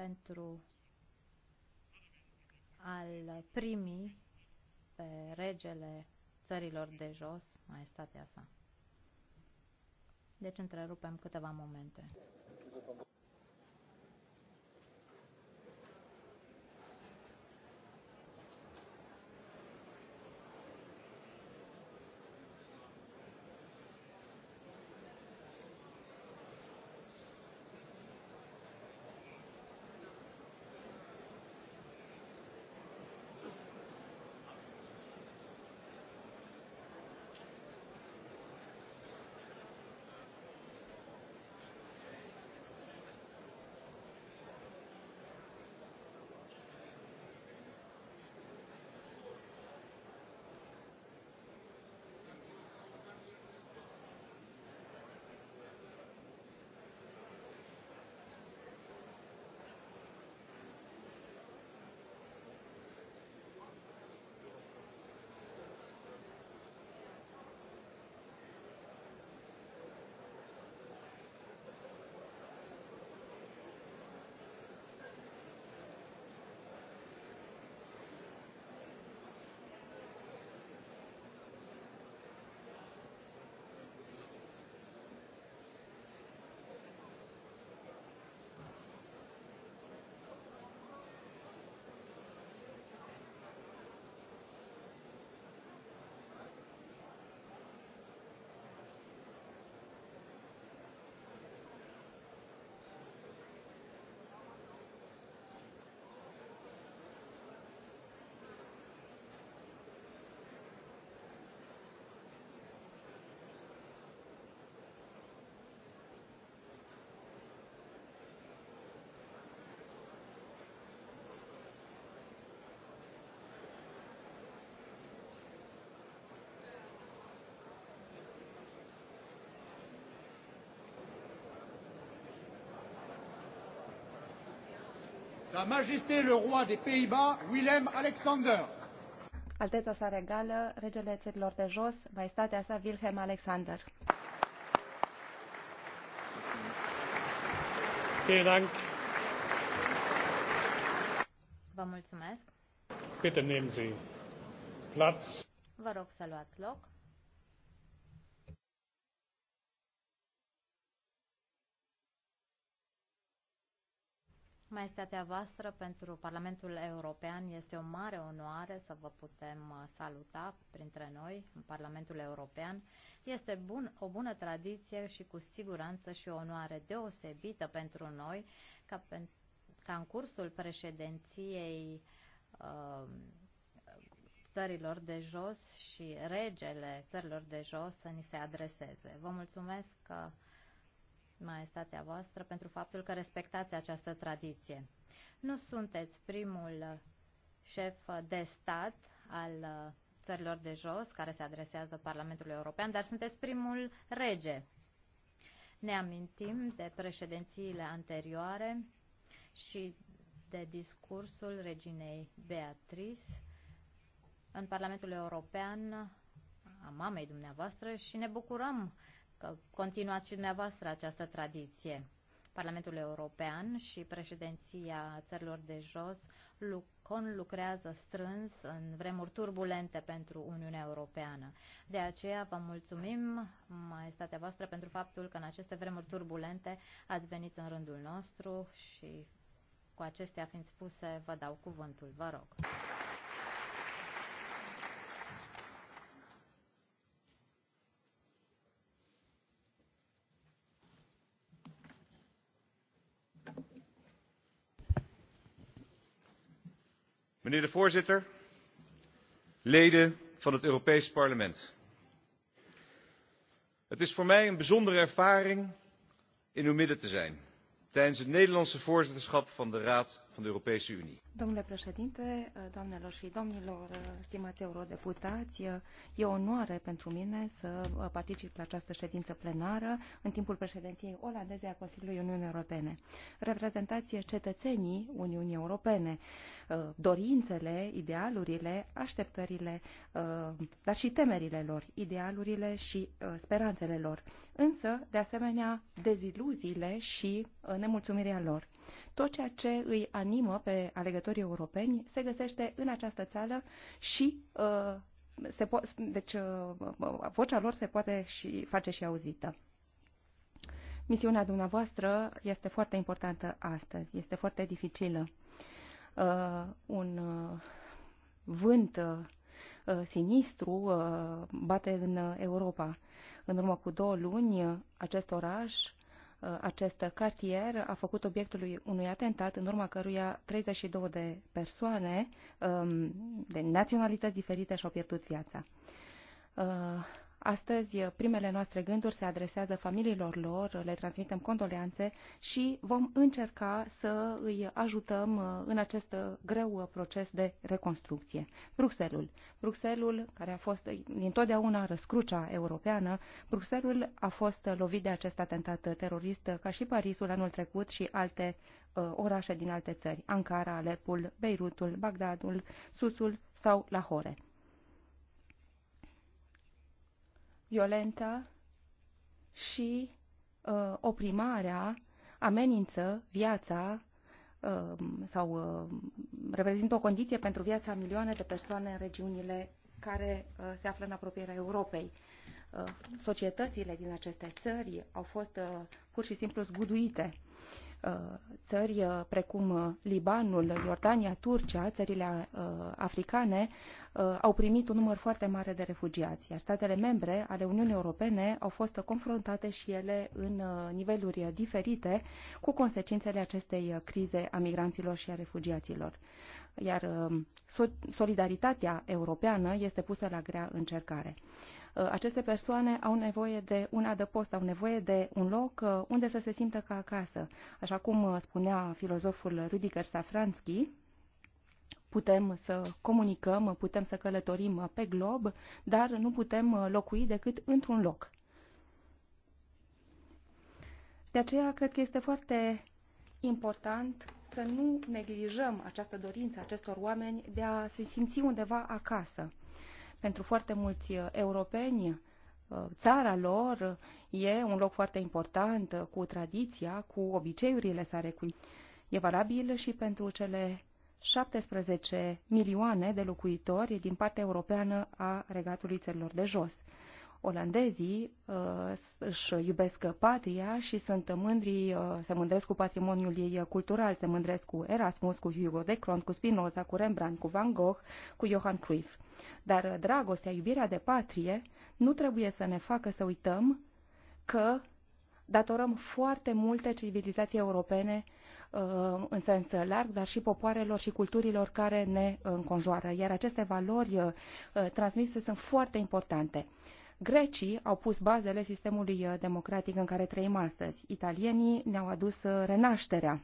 pentru a-l primi pe regele țărilor de jos, maestatea sa. Deci întrerupem câteva momente. Sa Majesté le roi des Pays-Bas, Willem Alexander. Alteța sa regală, regele țărilor de jos, maestatea sa Wilhelm Alexander. Vă mulțumesc. Bitte nehmen Sie Platz. Vă rog să luați loc. Maestatea voastră pentru Parlamentul European este o mare onoare să vă putem uh, saluta printre noi în Parlamentul European. Este bun, o bună tradiție și cu siguranță și o onoare deosebită pentru noi ca, pe, ca în cursul președinției uh, țărilor de jos și regele țărilor de jos să ni se adreseze. Vă mulțumesc că maestatea voastră, pentru faptul că respectați această tradiție. Nu sunteți primul uh, șef de stat al uh, țărilor de jos care se adresează Parlamentului European, dar sunteți primul rege. Ne amintim de președințiile anterioare și de discursul reginei Beatrice în Parlamentul European a mamei dumneavoastră și ne bucurăm uh, că continuați și dumneavoastră această tradiție. Parlamentul European și președinția țărilor de jos conlucrează strâns în vremuri turbulente pentru Uniunea Europeană. De aceea vă mulțumim, maestatea voastră, pentru faptul că în aceste vremuri turbulente ați venit în rândul nostru și cu acestea fiind spuse, vă dau cuvântul. Vă rog. Meneer de voorzitter, leden van het Europees Parlement. Het is voor mij een bijzondere ervaring in uw midden te zijn tijdens het Nederlandse voorzitterschap van de Raad van de Europese Unie. Domnule președinte, doamnelor și domnilor, stimați eurodeputați, e onoare pentru mine să particip la această ședință plenară în timpul președinției olandeze a Consiliului Uniunii Europene. Reprezentați cetățenii Uniunii Europene, dorințele, idealurile, așteptările, dar și temerile lor, idealurile și uh, speranțele lor, însă, de asemenea, deziluziile și uh, nemulțumirea lor. Tot ceea ce îi animă pe alegătorii europeni se găsește în această țară și uh, se po- deci, uh, uh, vocea lor se poate și face și auzită. Misiunea dumneavoastră este foarte importantă astăzi, este foarte dificilă. Uh, un uh, vânt uh, uh sinistru uh, bate în Europa. În urmă cu două luni, uh, acest oraș Uh, acest cartier a făcut obiectul unui atentat în urma căruia 32 de persoane um, de naționalități diferite și-au pierdut viața uh, Astăzi, primele noastre gânduri se adresează familiilor lor, le transmitem condoleanțe și vom încerca să îi ajutăm uh, în acest greu uh, proces de reconstrucție. Bruxelul. Bruxelul, care a fost uh, întotdeauna răscrucea europeană, Bruxelul a fost lovit de acest atentat terorist ca și Parisul anul trecut și alte uh, orașe din alte țări, Ankara, Alepul, Beirutul, Bagdadul, Susul sau Lahore. violentă și uh, oprimarea amenință viața uh, sau uh, reprezintă o condiție pentru viața milioane de persoane în regiunile care uh, se află în apropierea Europei. Uh, societățile din aceste țări au fost uh, pur și simplu zguduite Uh, țări uh, precum uh, Libanul, Iordania, Turcia, țările africane, au primit un număr foarte mare de refugiați, iar statele membre ale Uniunii Europene au fost confruntate și ele în niveluri diferite cu consecințele acestei crize a migranților și a refugiaților. Iar solidaritatea europeană este pusă la grea încercare. Uh, aceste persoane au nevoie de un adăpost, au nevoie de un loc uh, unde să se simtă ca acasă. Așa cum uh, spunea filozoful Rudiger Safranski, putem să comunicăm, putem să călătorim pe glob, dar nu putem locui decât într-un loc. De aceea, cred că este foarte important să nu neglijăm această dorință acestor oameni de a se simți undeva acasă. Pentru foarte mulți uh, europeni, uh, țara lor e un loc foarte important uh, cu tradiția, cu obiceiurile sale. E valabil și pentru cele 17 milioane de locuitori din partea europeană a regatului țărilor de jos olandezii uh, își iubesc patria și sunt mândri, uh, se mândresc cu patrimoniul ei cultural, se mândresc cu Erasmus, cu Hugo de Cron, cu Spinoza, cu Rembrandt, cu Van Gogh, cu Johann Cruyff. Dar uh, dragostea, iubirea de patrie nu trebuie să ne facă să uităm că datorăm foarte multe civilizații europene uh, în sens larg, dar și popoarelor și culturilor care ne înconjoară. Iar aceste valori uh, transmise sunt foarte importante. Grecii au pus bazele sistemului uh, democratic în care trăim astăzi. Italienii ne-au adus uh, renașterea.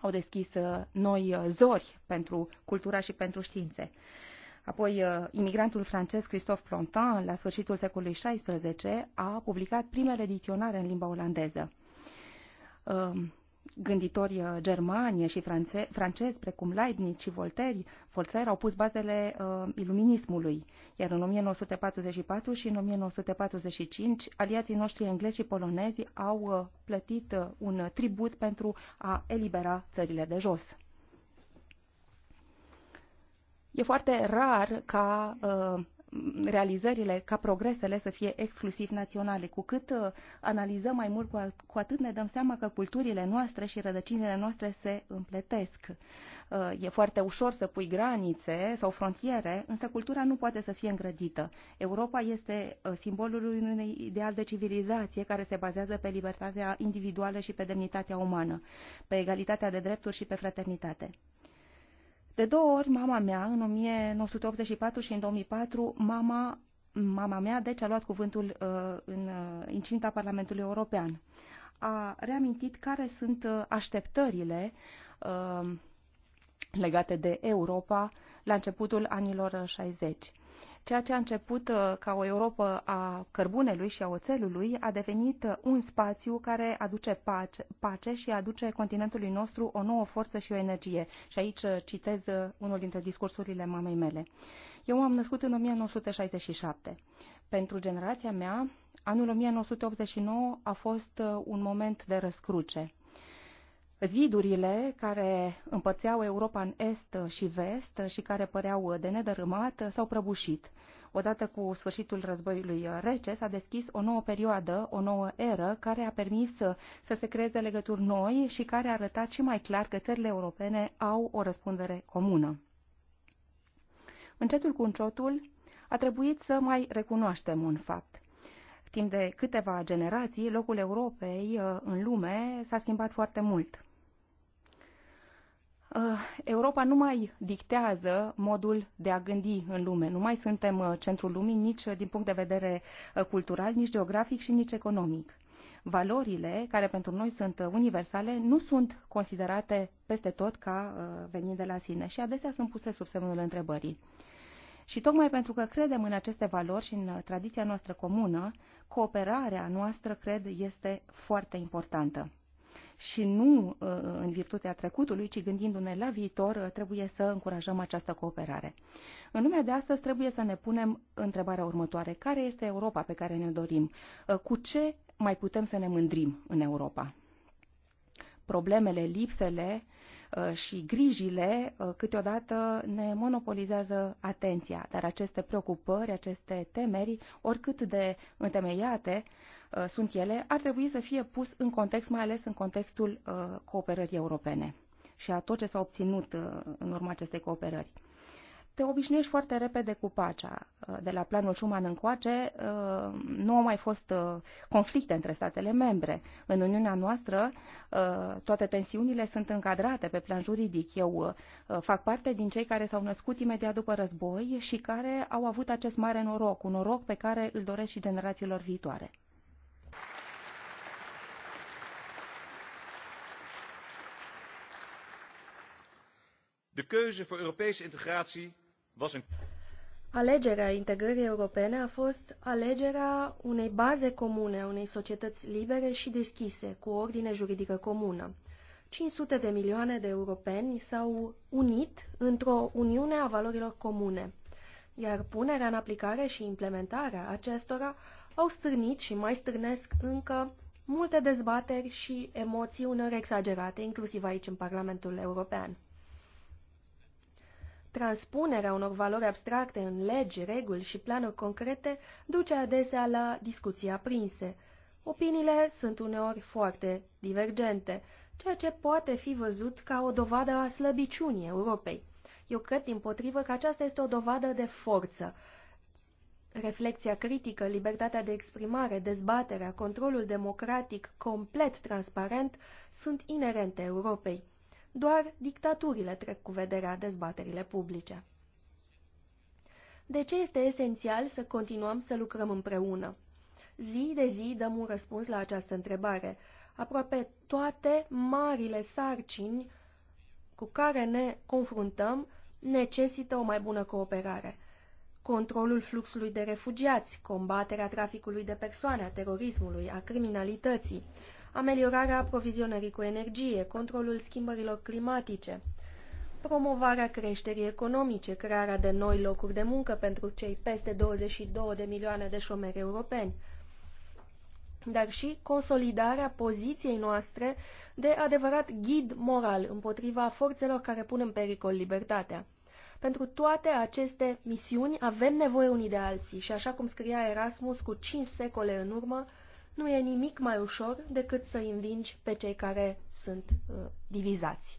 Au deschis uh, noi zori pentru cultura și pentru științe. Apoi, imigrantul francez Christophe Plantin, la sfârșitul secolului XVI, a publicat primele dicționare în limba olandeză um, gânditori uh, germani și france- francezi, precum Leibniz și Voltaire, Voltaire au pus bazele uh, iluminismului, iar în 1944 și în 1945 aliații noștri englezi și polonezi au uh, plătit uh, un tribut pentru a elibera țările de jos. E foarte rar ca uh, realizările, ca progresele să fie exclusiv naționale. Cu cât uh, analizăm mai mult, cu atât ne dăm seama că culturile noastre și rădăcinile noastre se împletesc. Uh, e foarte ușor să pui granițe sau frontiere, însă cultura nu poate să fie îngrădită. Europa este uh, simbolul unui ideal de civilizație care se bazează pe libertatea individuală și pe demnitatea umană, pe egalitatea de drepturi și pe fraternitate. De două ori mama mea, în 1984 și în 2004, mama, mama mea, deci a luat cuvântul uh, în uh, incinta Parlamentului European. A reamintit care sunt uh, așteptările uh, legate de Europa la începutul anilor 60 Ceea ce a început uh, ca o Europa a cărbunelui și a oțelului a devenit uh, un spațiu care aduce pace, pace și aduce continentului nostru o nouă forță și o energie. Și aici uh, citez unul dintre discursurile mamei mele. Eu am născut în 1967. Pentru generația mea, anul 1989 a fost un moment de răscruce zidurile care împărțeau Europa în est și vest și care păreau de nedărâmat s-au prăbușit. Odată cu sfârșitul războiului rece s-a deschis o nouă perioadă, o nouă eră care a permis să se creeze legături noi și care a arătat și mai clar că țările europene au o răspundere comună. Încetul cu încetul a trebuit să mai recunoaștem un fapt timp de câteva generații, locul Europei în lume s-a schimbat foarte mult. Ah, Europa nu mai dictează modul de a gândi în lume. Nu mai suntem ah, centrul lumii nici ah, din punct de vedere cultural, nici geografic și nici economic. Valorile care pentru noi sunt universale nu sunt considerate peste tot ca venind de la sine și adesea sunt puse sub semnul întrebării. Și tocmai pentru că credem în aceste valori și în tradiția noastră comună, cooperarea noastră, cred, este foarte importantă și nu uh, în virtutea trecutului, ci gândindu-ne la viitor, uh, trebuie să încurajăm această cooperare. În lumea de astăzi trebuie să ne punem întrebarea următoare. Care este Europa pe care ne dorim? Uh, cu ce mai putem să ne mândrim în Europa? Problemele, lipsele și grijile câteodată ne monopolizează atenția, dar aceste preocupări, aceste temeri, oricât de întemeiate, Uh, sunt ele, ar trebui să fie pus în context, mai ales în contextul uh, cooperării europene și a tot ce s-a obținut uh, în urma acestei cooperări te obișnuiești foarte repede cu pacea. De la planul Schuman încoace nu au mai fost conflicte între statele membre. În Uniunea noastră toate tensiunile sunt încadrate pe plan juridic. Eu fac parte din cei care s-au născut imediat după război și care au avut acest mare noroc, un noroc pe care îl doresc și generațiilor viitoare. De keuze voor Europese integratie was een... Alegerea integrării europene a fost alegerea unei baze comune, a unei societăți libere și deschise, cu ordine juridică comună. 500 de milioane de europeni s-au unit într-o uniune a valorilor comune, iar punerea în aplicare și implementarea acestora au stârnit și mai stârnesc încă multe dezbateri și emoții uneori exagerate, inclusiv aici în Parlamentul European. Transpunerea unor valori abstracte în legi, reguli și planuri concrete duce adesea la discuții aprinse. Opiniile sunt uneori foarte divergente, ceea ce poate fi văzut ca o dovadă a slăbiciunii Europei. Eu cred, din potrivă, că aceasta este o dovadă de forță. Reflexia critică, libertatea de exprimare, dezbaterea, controlul democratic complet transparent sunt inerente Europei. Doar dictaturile trec cu vederea dezbaterile publice. De ce este esențial să continuăm să lucrăm împreună? Zi de zi dăm un răspuns la această întrebare. Aproape toate marile sarcini cu care ne confruntăm necesită o mai bună cooperare. Controlul fluxului de refugiați, combaterea traficului de persoane, a terorismului, a criminalității, ameliorarea aprovizionării cu energie, controlul schimbărilor climatice, promovarea creșterii economice, crearea de noi locuri de muncă pentru cei peste 22 de milioane de șomeri europeni, dar și consolidarea poziției noastre de adevărat ghid moral împotriva forțelor care pun în pericol libertatea. Pentru toate aceste misiuni avem nevoie unii de alții și așa cum scria Erasmus cu cinci secole în urmă, nu e nimic mai ușor decât să învingi pe cei care sunt uh, divizați.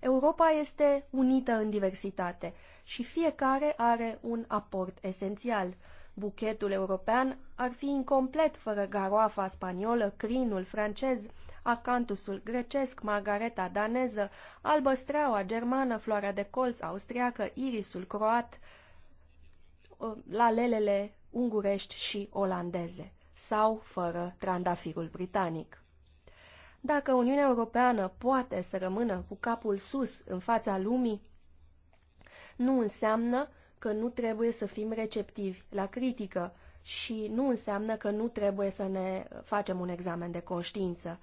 Europa este unită în diversitate și fiecare are un aport esențial. Buchetul european ar fi incomplet fără garoafa spaniolă, crinul francez, acantusul grecesc, margareta daneză, albăstreaua germană, floarea de colț austriacă, irisul croat, uh, lalelele ungurești și olandeze sau fără trandafirul britanic. Dacă Uniunea Europeană poate să rămână cu capul sus în fața lumii, nu înseamnă că nu trebuie să fim receptivi la critică și nu înseamnă că nu trebuie să ne facem un examen de conștiință.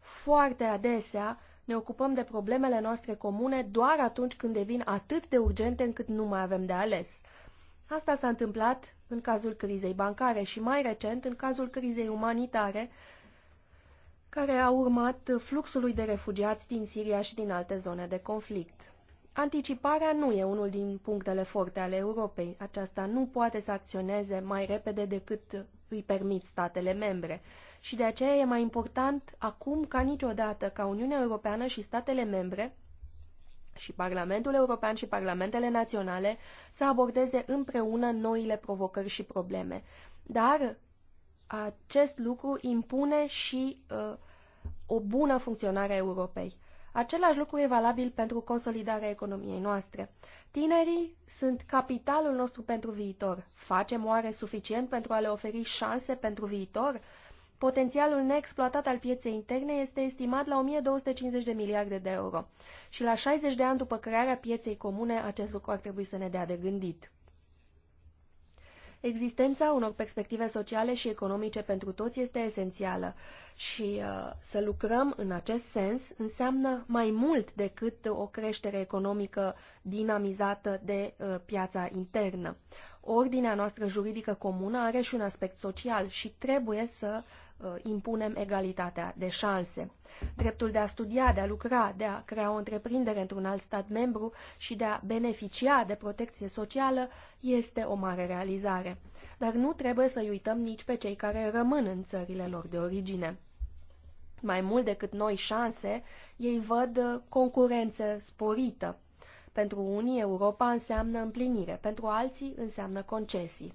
Foarte adesea ne ocupăm de problemele noastre comune doar atunci când devin atât de urgente încât nu mai avem de ales. Asta s-a întâmplat în cazul crizei bancare și mai recent în cazul crizei umanitare, care a urmat fluxului de refugiați din Siria și din alte zone de conflict. Anticiparea nu e unul din punctele forte ale Europei. Aceasta nu poate să acționeze mai repede decât îi permit statele membre. Și de aceea e mai important acum ca niciodată ca Uniunea Europeană și statele membre și Parlamentul European și Parlamentele Naționale să abordeze împreună noile provocări și probleme. Dar acest lucru impune și uh, o bună funcționare a Europei. Același lucru e valabil pentru consolidarea economiei noastre. Tinerii sunt capitalul nostru pentru viitor. Facem oare suficient pentru a le oferi șanse pentru viitor? Potențialul neexploatat al pieței interne este estimat la 1250 de miliarde de euro și la 60 de ani după crearea pieței comune acest lucru ar trebui să ne dea de gândit. Existența unor perspective sociale și economice pentru toți este esențială și uh, să lucrăm în acest sens înseamnă mai mult decât o creștere economică dinamizată de uh, piața internă. Ordinea noastră juridică comună are și un aspect social și trebuie să uh, Uh, impunem egalitatea de șanse. Dreptul de a studia, de a lucra, de a crea o întreprindere într-un alt stat membru și de a beneficia de protecție socială este o mare realizare. Dar nu trebuie să-i uităm nici pe cei care rămân în țările lor de origine. Mai mult decât noi șanse, ei văd uh, concurență sporită. Pentru unii, Europa înseamnă împlinire, pentru alții înseamnă concesii.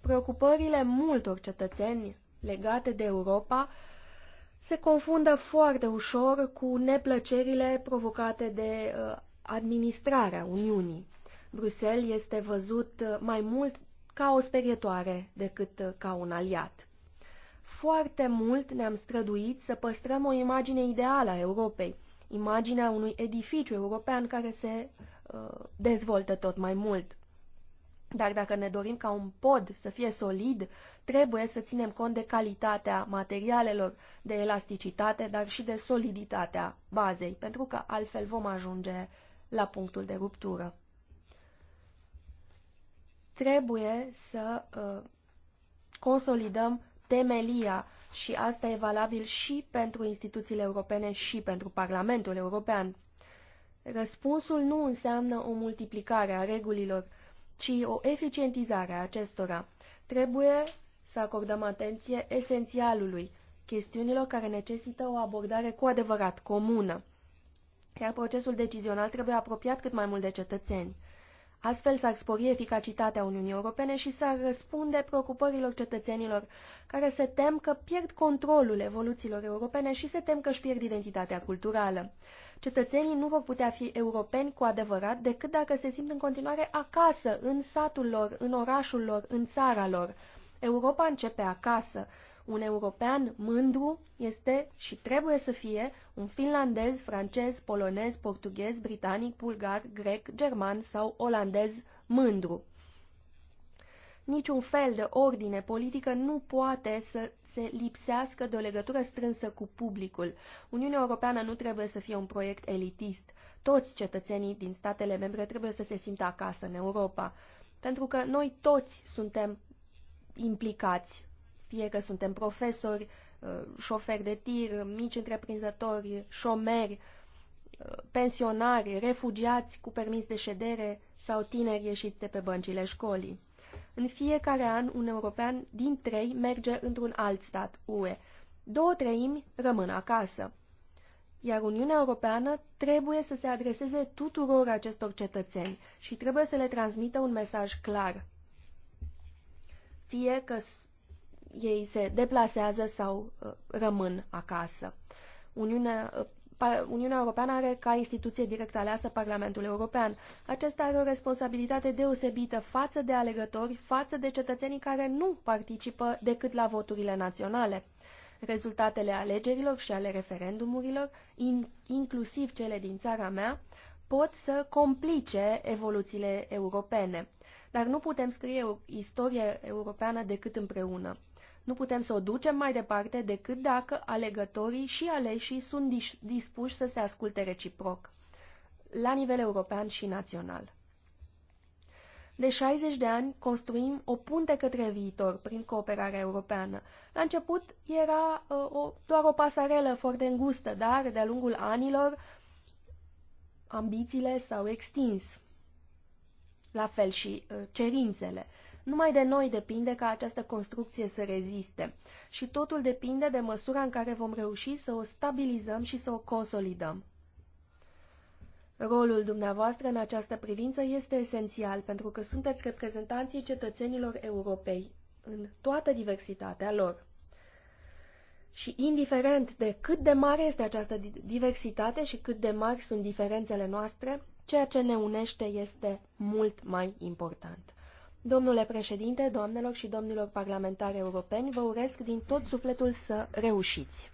Preocupările multor cetățeni legate de Europa se confundă foarte ușor cu neplăcerile provocate de uh, administrarea Uniunii. Bruxelles este văzut uh, mai mult ca o sperietoare decât uh, ca un aliat. Foarte mult ne-am străduit să păstrăm o imagine ideală a Europei, imaginea unui edificiu european care se uh, dezvoltă tot mai mult. Dar dacă ne dorim ca un pod să fie solid, trebuie să ținem cont de calitatea materialelor, de elasticitate, dar și de soliditatea bazei, pentru că altfel vom ajunge la punctul de ruptură. Trebuie să uh, consolidăm temelia și asta e valabil și pentru instituțiile europene și pentru Parlamentul European. Răspunsul nu înseamnă o multiplicare a regulilor, ci o eficientizare a acestora. Trebuie să acordăm atenție esențialului, chestiunilor care necesită o abordare cu adevărat comună, iar procesul decizional trebuie apropiat cât mai mult de cetățeni. Astfel s-ar spori eficacitatea Uniunii Europene și s-ar răspunde preocupărilor cetățenilor care se tem că pierd controlul evoluțiilor europene și se tem că își pierd identitatea culturală. Cetățenii nu vor putea fi europeni cu adevărat decât dacă se simt în continuare acasă, în satul lor, în orașul lor, în țara lor. Europa începe acasă. Un european mândru este și trebuie să fie un finlandez, francez, polonez, portughez, britanic, bulgar, grec, german sau olandez mândru. Niciun fel de ordine politică nu poate să se lipsească de o legătură strânsă cu publicul. Uniunea Europeană nu trebuie să fie un proiect elitist. Toți cetățenii din statele membre trebuie să se simtă acasă în Europa, pentru că noi toți suntem implicați, fie că suntem profesori, uh, șoferi de tir, mici întreprinzători, șomeri, uh, pensionari, refugiați cu permis de ședere sau tineri ieșiți de pe băncile școlii. În fiecare an, un european din trei merge într-un alt stat UE. Două treimi rămân acasă. Iar Uniunea Europeană trebuie să se adreseze tuturor acestor cetățeni și trebuie să le transmită un mesaj clar. Fie că ei se deplasează sau uh, rămân acasă. Uniunea uh, Uniunea Europeană are ca instituție direct aleasă Parlamentul European. Acesta are o responsabilitate deosebită față de alegători, față de cetățenii care nu participă decât la voturile naționale. Rezultatele alegerilor și ale referendumurilor, in, inclusiv cele din țara mea, pot să complice evoluțiile europene. Dar nu putem scrie o istorie europeană decât împreună. Nu putem să o ducem mai departe decât dacă alegătorii și aleșii sunt dispuși să se asculte reciproc, la nivel european și național. De 60 de ani construim o punte către viitor prin cooperarea europeană. La început era uh, o, doar o pasarelă foarte îngustă, dar de-a lungul anilor ambițiile s-au extins. La fel și uh, cerințele. Uh, numai de noi depinde ca această construcție să reziste și totul depinde de măsura în care vom reuși să o stabilizăm și să o consolidăm. Rolul dumneavoastră în această privință este esențial pentru că sunteți reprezentanții cetățenilor europei în toată diversitatea lor. Și indiferent de cât de mare este această diversitate și cât de mari sunt diferențele noastre, ceea ce ne unește este mult mai important. Domnule președinte, doamnelor și domnilor parlamentari europeni, vă urez din tot sufletul să reușiți.